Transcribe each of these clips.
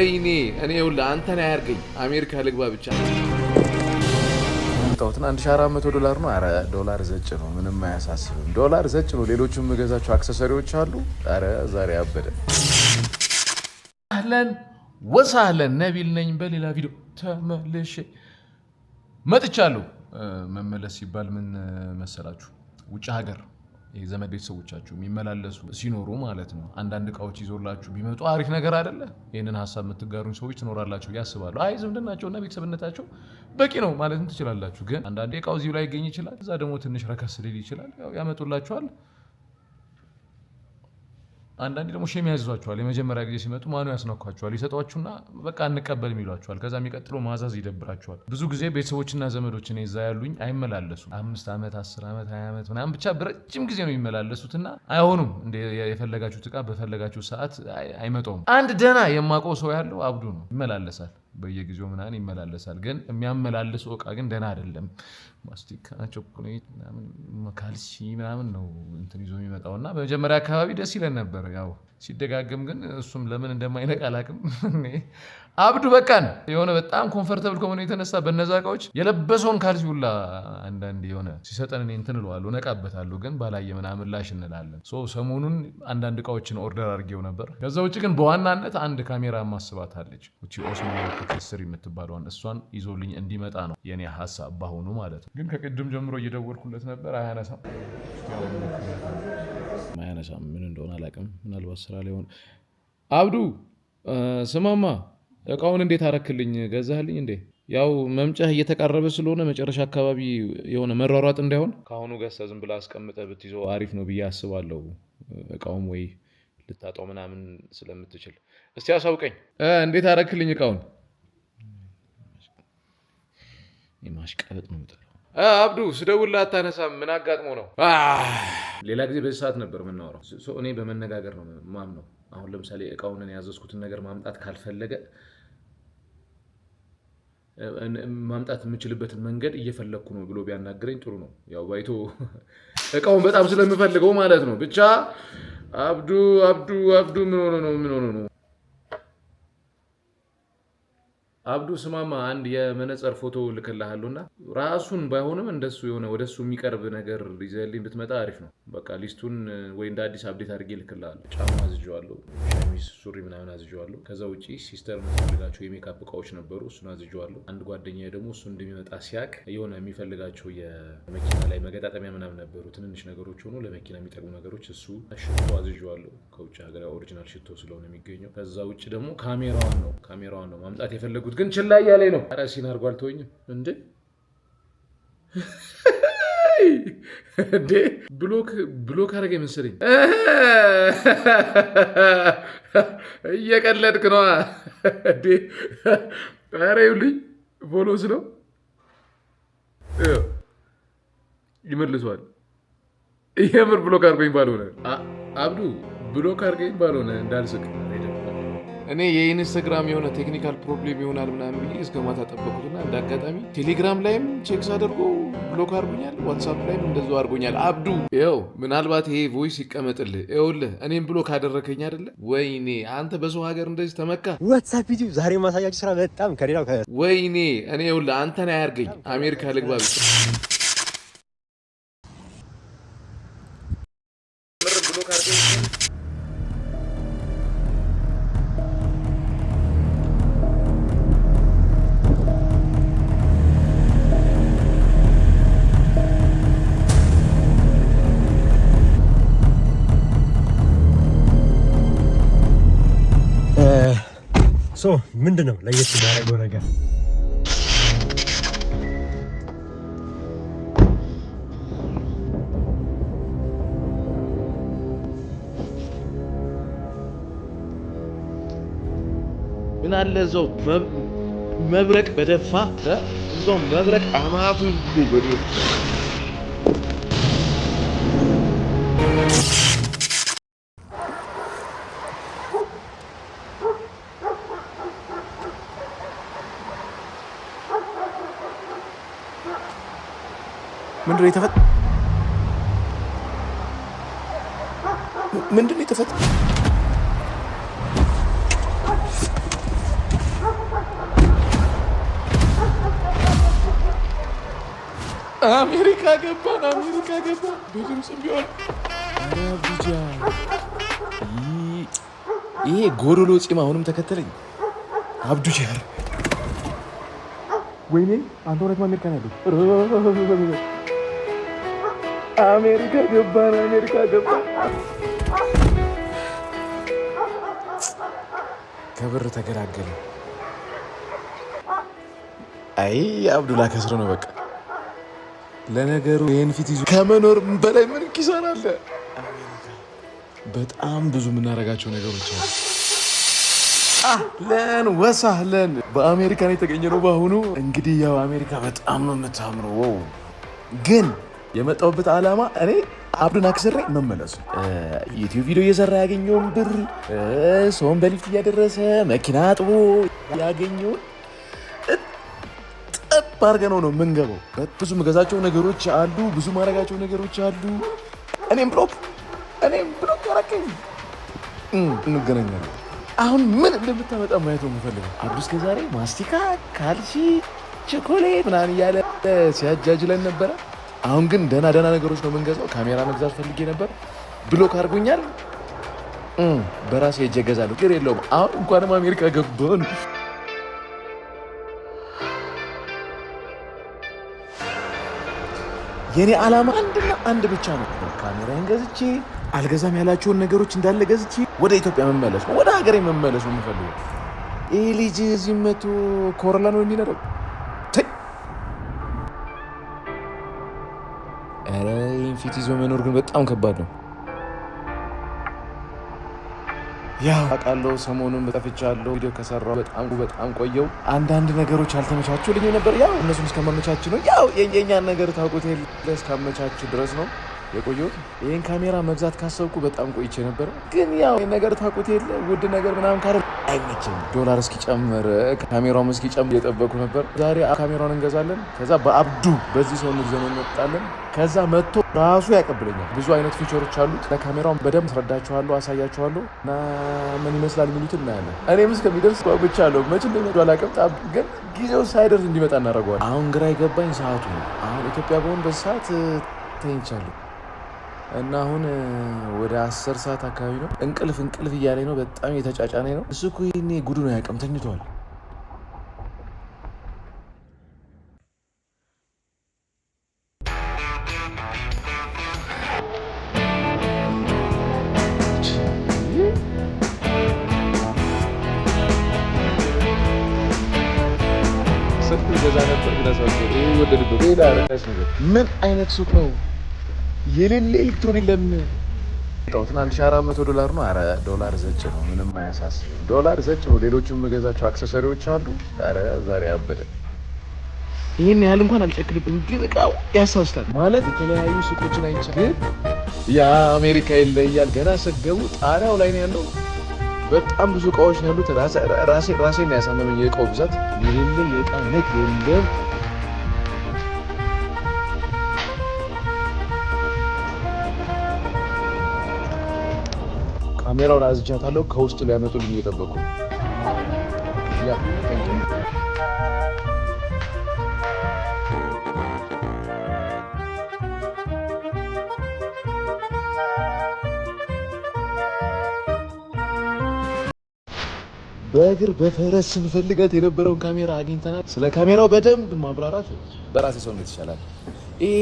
ወይኔ እኔ ሁላ አንተን አያርገኝ አሜሪካ ልግባ ብቻ ያመጣሁትን አንድ ሺ አራት መቶ ዶላር ነው። አረ ዶላር ዘጭ ነው፣ ምንም አያሳስብም። ዶላር ዘጭ ነው። ሌሎቹ የምገዛቸው አክሰሰሪዎች አሉ። አረ ዛሬ አበደ። አህለን ወሳህለን ነቢል ነኝ። በሌላ ቪዲዮ ተመልሼ መጥቻለሁ። መመለስ ሲባል ምን መሰላችሁ? ውጭ ሀገር የዘመድ ቤተሰቦቻችሁ የሚመላለሱ ሲኖሩ ማለት ነው አንዳንድ እቃዎች ይዞላችሁ ቢመጡ አሪፍ ነገር አይደለ? ይህንን ሀሳብ የምትጋሩኝ ሰዎች ትኖራላችሁ ያስባሉ። አይ ዝምድናቸውና ቤተሰብነታቸው በቂ ነው ማለትም ትችላላችሁ። ግን አንዳንዴ እቃው እዚሁ ላይ ይገኝ ይችላል፣ እዛ ደግሞ ትንሽ ረከስ ሊል ይችላል። ያመጡላችኋል አንዳንዴ ደግሞ ሼም ያዝዟቸዋል። የመጀመሪያ ጊዜ ሲመጡ ማኑ ያስነኳቸዋል። ይሰጧችሁና በቃ አንቀበል ይሏቸዋል። ከዛ የሚቀጥለው ማዛዝ ይደብራቸዋል። ብዙ ጊዜ ቤተሰቦችና ዘመዶች እኔ እዛ ያሉኝ አይመላለሱም። አምስት ዓመት አስር ዓመት ሀያ ዓመት ምናምን ብቻ በረጅም ጊዜ ነው የሚመላለሱትና አይሆኑም። የፈለጋችሁት እቃ በፈለጋችሁ ሰዓት አይመጣውም። አንድ ደህና የማውቀው ሰው ያለው አብዱ ነው፣ ይመላለሳል በየጊዜው ምናምን ይመላለሳል። ግን የሚያመላልሰው እቃ ግን ደህና አይደለም። ማስቲካ፣ ቸኮሌት፣ ካልሲ ምናምን ነው እንትን ይዞ የሚመጣው እና በመጀመሪያ አካባቢ ደስ ይለን ነበር ያው ሲደጋገም ግን እሱም ለምን እንደማይነቅ አላቅም። አብዱ በቃን የሆነ በጣም ኮንፈርተብል ከሆነ የተነሳ በነዛ እቃዎች የለበሰውን ካልሲ ሁላ አንዳንድ የሆነ ሲሰጠን እኔ እንትን እለዋለሁ ነቃበታለሁ፣ ግን ባላየ ምናምን ላሽ እንላለን። ሰሞኑን አንዳንድ እቃዎችን ኦርደር አድርጌው ነበር። ከዛ ውጭ ግን በዋናነት አንድ ካሜራ ማስባት አለች ውጭ ኦስማን ስር የምትባለዋን እሷን ይዞልኝ እንዲመጣ ነው የኔ ሀሳብ በአሁኑ ማለት ነው። ግን ከቅድም ጀምሮ እየደወልኩለት ነበር አያነሳም። ማያነሳም ምን እንደሆነ አላውቅም። ምናልባት ስራ ላይ ሆነ። አብዱ ስማማ እቃውን እንዴት አረክልኝ? ገዛህልኝ እንዴ? ያው መምጫህ እየተቃረበ ስለሆነ መጨረሻ አካባቢ የሆነ መሯሯጥ እንዳይሆን ከአሁኑ ገዝተህ ዝም ብላ አስቀምጠህ ብትይዘው አሪፍ ነው ብዬ አስባለሁ። እቃውም ወይ ልታጣው ምናምን ስለምትችል እስቲ አሳውቀኝ። እንዴት አረክልኝ እቃውን? ማሽቀበጥ ነው። አብዱ ስደውል አታነሳም። ምን አጋጥሞ ነው? ሌላ ጊዜ በዚህ ሰዓት ነበር የምናወራው። እኔ በመነጋገር ነው ማም ነው። አሁን ለምሳሌ እቃውን ያዘዝኩትን ነገር ማምጣት ካልፈለገ ማምጣት የምችልበትን መንገድ እየፈለግኩ ነው ብሎ ቢያናግረኝ ጥሩ ነው። ያው ባይቶ እቃውን በጣም ስለምፈልገው ማለት ነው። ብቻ አብዱ አብዱ አብዱ ምን ሆነ ነው? ምን ሆነ ነው? አብዱ ስማማ አንድ የመነጽር ፎቶ ልክልሃሉና ራሱን ባይሆንም እንደሱ የሆነ ወደሱ የሚቀርብ ነገር ይዘህልኝ ብትመጣ አሪፍ ነው። በቃ ሊስቱን ወይ እንደ አዲስ አብዴት አድርጌ ልክልሃለሁ። ጫማ አዝዤዋለሁ፣ ሸሚዝ፣ ሱሪ ምናምን አዝዤዋለሁ። ከዛ ውጪ ሲስተር የምትፈልጋቸው የሜካፕ እቃዎች ነበሩ፣ እሱን አዝዤዋለሁ። አንድ ጓደኛ ደግሞ እሱ እንደሚመጣ ሲያቅ የሆነ የሚፈልጋቸው የመኪና ላይ መገጣጠሚያ ምናምን ነበሩ፣ ትንንሽ ነገሮች ሆኑ ለመኪና የሚጠቅሙ ነገሮች። እሱ ሽቶ አዝዤዋለሁ፣ ከውጭ ሀገር ኦሪጂናል ሽቶ ስለሆነ የሚገኘው። ከዛ ውጭ ደግሞ ካሜራዋን ነው ካሜራዋን ነው ማምጣት የፈለጉ ያደረጉት ግን ችላ ያለ ነው። ራሲን አድርጎ አልተወኝም እንዴ እንዴ ብሎክ ብሎክ አደረገ መሰለኝ። እየቀለድክ ነዋ እንዴ? ኧረ ይኸውልኝ ቦሎስ ነው ይመልሰዋል። የምር ብሎክ አድርጎኝ ባልሆነ አብዱ ብሎክ አድርገኝ ባልሆነ እንዳልስቅ እኔ የኢንስታግራም የሆነ ቴክኒካል ፕሮብሌም ይሆናል ምናምን ብዬ እስከ ማታ ጠበቁትና እንደ አጋጣሚ ቴሌግራም ላይም ቼክስ አድርጎ ብሎክ አድርጎኛል። ዋትሳፕ ላይም እንደዛ አድርጎኛል። አብዱ ይኸው ምናልባት ይሄ ቮይስ ይቀመጥልህ። ይኸውልህ እኔም ብሎክ አደረከኝ አይደለ? ወይኔ አንተ በሰው ሀገር እንደዚህ ተመካ። ዋትሳፕ ዩቲዩብ ዛሬ ስራ በጣም ከሌላው ወይኔ እኔ ይኸውልህ አንተን አያርገኝ አሜሪካ ልግባ ሶ ምንድን ነው ለየት የሚያደርገው ነገር? ምን አለ እዛው መብረቅ በደፋ እዛው መብረቅ አማቱ ምንድን ነው የተፈጠረው? ምንድን ነው አሜሪካ ገባን፣ አሜሪካ ገባን። ቢሆን ይሄ ጎዶሎ ፂም አሁንም ተከተለኝ። አብዱጃር፣ ወይኔ አንተ እውነትም አሜሪካን ያለው አሜሪካ ገባን፣ አሜሪካ ገባን። ከብር ተገላገለ። አይ አብዱላ ከስሮ ነው በቃ። ለነገሩ ይህን ፊት ይዞ ከመኖር በላይ ምን ኪሳራ አለ? በጣም ብዙ የምናደርጋቸው ነገሮች አሉ። አህለን በአሜሪካ በአሜሪካን የተገኘ ነው በአሁኑ። እንግዲህ ያው አሜሪካ በጣም ነው የምታምረው ግን የመጣሁበት ዓላማ እኔ አብዱን አክስሬ መመለሱ ዩቲዩብ ቪዲዮ እየሰራ ያገኘውን ብር ሰውን በሊፍት እያደረሰ መኪና አጥቦ ያገኘውን ጠብ አድርገን ነው የምንገባው። ብዙ ምገዛቸው ነገሮች አሉ፣ ብዙ ማድረጋቸው ነገሮች አሉ። እኔም ብሎክ እኔም ብሎክ ያረከኝ እንገናኛለን። አሁን ምን እንደምታመጣ ማየት ነው የምፈልገው። አብዱ እስከዛሬ ማስቲካ፣ ካልሲ፣ ቸኮሌት ምናምን እያለ ሲያጃጅለን ነበረ። አሁን ግን ደህና ደህና ነገሮች ነው የምንገዛው። ካሜራ መግዛት ፈልጌ ነበር ብሎክ አድርጎኛል። በራሴ ሄጄ እገዛለሁ። ቅር የለውም። አሁን እንኳንም አሜሪካ ገባን። የኔ ዓላማ አንድና አንድ ብቻ ነው። ካሜራን ገዝቼ አልገዛም ያላቸውን ነገሮች እንዳለ ገዝቼ ወደ ኢትዮጵያ መመለስ ነው፣ ወደ ሀገሬ መመለስ ነው የምፈልገው። ይህ ልጅ እዚህ መቶ ኮሮላ ነው የሚነደው ኧረ ይህን ፊት ይዞ መኖር ግን በጣም ከባድ ነው። ያ አውቃለሁ፣ ሰሞኑን ጠፍቻለሁ። ቪዲዮ ከሰራው በጣም በጣም ቆየው። አንዳንድ ነገሮች አልተመቻቹልኝም ነበር። ያው እነሱም እስከማመቻች ነው። ያው የኛን ነገር ታውቁት የለ እስካመቻች ድረስ ነው የቆየሁት። ይህን ካሜራ መግዛት ካሰብኩ በጣም ቆይቼ ነበር። ግን ያው ነገር ታውቁት የለ ውድ ነገር ምናምን ካረ አይመችም። ዶላር እስኪጨምር ካሜራውም እስኪጨምር እየጠበቁ ነበር። ዛሬ ካሜራውን እንገዛለን፣ ከዛ በአብዱ በዚህ ሰውነት ዘመን እንወጣለን። ከዛ መጥቶ ራሱ ያቀብለኛል። ብዙ አይነት ፊቸሮች አሉት። ለካሜራውን በደንብ አስረዳችኋለሁ፣ አሳያችኋለሁ እና ምን ይመስላል የሚሉት እናያለን። እኔም እስከሚደርስ ብቻ አለሁ መች እንደሚሄዱ አላውቅም። ግን ጊዜው ሳይደርስ እንዲመጣ እናደርገዋለን። አሁን ግራ የገባኝ ሰዓቱ ነው። አሁን ኢትዮጵያ በሆን ሰዓት ተኝቻለሁ። እና አሁን ወደ አስር ሰዓት አካባቢ ነው። እንቅልፍ እንቅልፍ እያለኝ ነው። በጣም የተጫጫነኝ ነው። እሱ እኮ ጉዱ ነው ያቅም ተኝቷል። ምን አይነት ሱቅ ነው? የሌለ ኤሌክትሮኒክ ለምን ትናንት ሺህ አራት መቶ ዶላር ነው። አረ ዶላር ዘጭ ነው፣ ምንም አያሳስብም። ዶላር ዘጭ ነው። ሌሎችም የምገዛቸው አክሰሰሪዎች አሉ። አረ ዛሬ አበደ። ይህን ያህል እንኳን አልጨክልብም፣ ግን እቃው ያሳስታል። ማለት የተለያዩ ሱቆችን አይቼ ግን አሜሪካ ይለያል። ገና ስገቡ ጣሪያው ላይ ነው ያለው። በጣም ብዙ እቃዎች ነው ያሉት። ራሴ ራሴን ያሳመመኝ የእቃው ብዛት የሌለ የእቃ ነት የለም ካሜራውን አዝቻታለሁ። ከውስጥ ሊያመጡልኝ እየጠበቁ በእግር በፈረስ ስንፈልጋት የነበረውን ካሜራ አግኝተናል። ስለ ካሜራው በደንብ ማብራራት በራሴ ሰውነት ይቻላል። ይሄ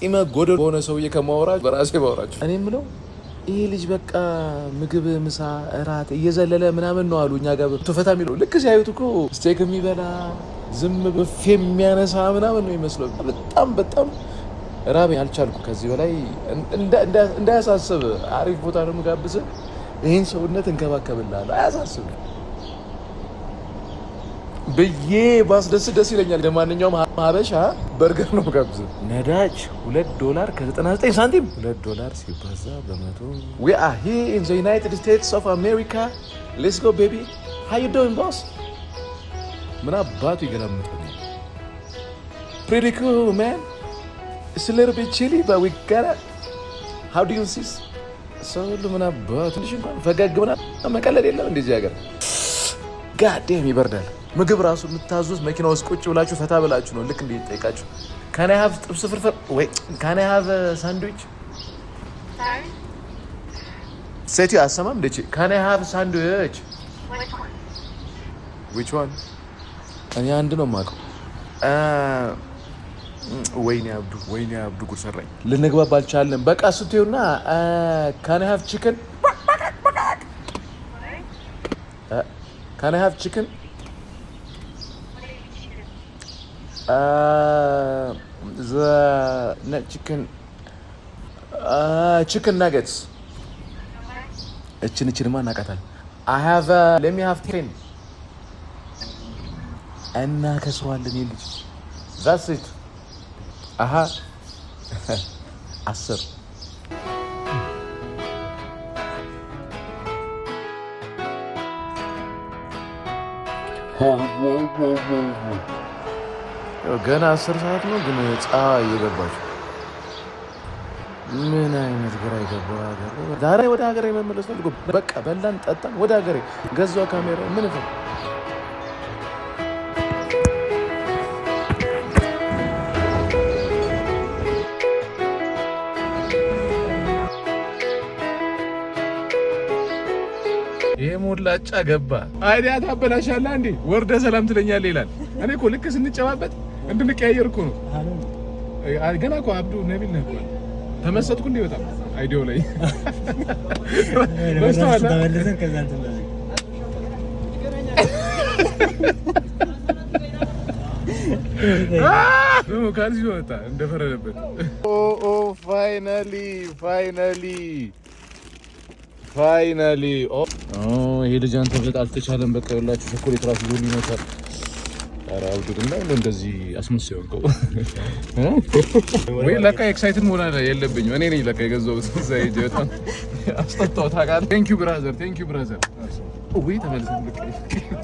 ፂመ ጎደል በሆነ ሰውዬ ከማውራት በራሴ ባውራችሁ እኔ የምለው ይህ ልጅ በቃ ምግብ፣ ምሳ፣ እራት እየዘለለ ምናምን ነው አሉ። እኛ ጋር ቱፈታ የሚለው ልክ ሲያዩት እኮ ስቴክ የሚበላ ዝም ብፌ የሚያነሳ ምናምን ነው ይመስለው። በጣም በጣም ራቤ አልቻልኩ። ከዚህ በላይ እንዳያሳስብ አሪፍ ቦታ ነው የምጋብዝህ። ይህን ሰውነት እንከባከብልሃለሁ። አያሳስብ ብዬ ባስደስ ደስ ይለኛል። ለማንኛውም ሀበሻ በርገር ነው ጋብዝ። ነዳጅ ሁለት ዶላር ከ99 ሳንቲም ሁለት ዶላር ሲባዛ በመቶ ዊ አር ሂር ኢን ዘ ዩናይትድ ስቴትስ ኦፍ አሜሪካ ሌትስ ጎ ቤቢ ሃው ዩ ዶይንግ ቦስ። ምን አባቱ ይገላምጥ ፕሪቲ ኩል ማን ኢትስ ኤ ሊትል ቢት ቺሊ ባት ዊ ጋት ኢት ሃው ዱ ዩ ኢንሲስት። ሰው ሁሉ ምን አባቱ ትንሽ እንኳን ፈገግ ምናምን መቀለድ የለም እንደዚህ ሀገር ጋዴም ይበርዳል። ምግብ ራሱ የምታዙት መኪና ውስጥ ቁጭ ብላችሁ ፈታ ብላችሁ ነው። ልክ እንዴት ጠይቃችሁ ካን ሀቭ ጥብስ ፍርፍር ወይ ካን አይ ሀቭ ሳንድዊች ሴትዮ አሰማም እንደች ካን አይ ሀቭ ሳንድዊች ዊች ዋን እኔ አንድ ነው የማውቀው። ወይኔ አብዱ ወይኔ አብዱ ጉድ ሰራኝ። ልንግባባ አልቻለን። በቃ ስትዩና ካን ሀቭ ቺክን ካን ሀቭ ቺክን uh, the not chicken uh, chicken nuggets እችን እችንማ እናቃታል I have uh, let me have ten እና ከስሯለን የልጅ that's it አሃ አስር ገና አስር ሰዓት ነው ግን ፀሐይ እየገባችው። ምን አይነት ግራ የገባ ሀገር! ዛሬ ወደ ሀገሬ የመመለስ ፈልጎ በቃ በላን ጠጣን፣ ወደ ሀገሬ ገዛ ካሜራ ምን ፈ ይሄ ሞላጫ ገባ አይዲያ ታበላሻለህ እንዴ? ወርደ ሰላም ትለኛለህ ይላል። እኔ እኮ ልክ ስንጨባበት እንድንቀያየር እኮ ነው። ገና እኮ አብዱ ነቢል ነህ እኮ ተመሰጥኩ። እንደ በጣም አይዲያው ላይ ካልሲ ወጣ እንደፈረደበት። ኦ ፋይናሊ ፋይናሊ ፋይናሊ። ይሄ ልጅ አንተ ብለህ አልተቻለም። በቃ ይኸውላችሁ ቸኮሌት እራሱ ዞር አውጡትና እንደዚህ አስመስል ሆንከው ወይ? ለካ ኤክሳይትድ መሆን የለብኝም እኔ ነኝ ለካ የገዛሁት። እዛ ሂጅ በጣም አስጠጣሁት ታውቃለህ። ቴንኪው ብራዘር፣ ቴንኪው ብራዘር። ወይ ተመልሰን